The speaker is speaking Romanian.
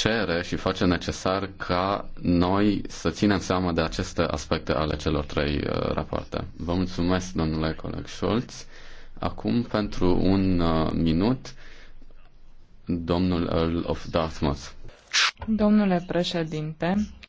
cere și face necesar ca noi să ținem seama de aceste aspecte ale celor trei uh, rapoarte. Vă mulțumesc, domnule coleg Schulz. Acum, pentru un uh, minut, domnul Earl of Dartmouth. Domnule președinte,